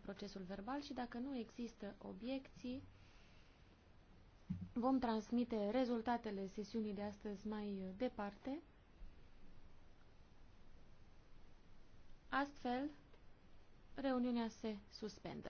procesul verbal și dacă nu există obiecții, vom transmite rezultatele sesiunii de astăzi mai departe. Astfel, reuniunea se suspendă.